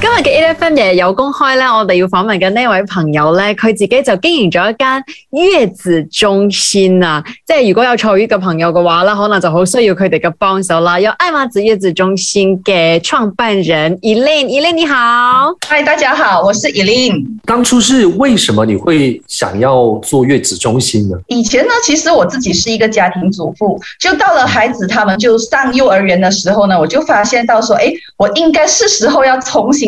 今日嘅 A F M 亦有公開啦。我哋要訪問嘅呢位朋友咧，佢自己就經營咗一間月子中心啊。即係如果有坐月嘅朋友嘅話啦，可能就好需要佢哋嘅幫手啦。有艾馬子月子中心嘅創辦人 Eileen，Eileen 你好。嗨，大家好，我是 Eileen。當初是為什麼你會想要做月子中心呢？以前呢，其實我自己是一個家庭主婦，就到了孩子他們就上幼兒園的時候呢，我就發現到說，誒，我應該是時候要重新。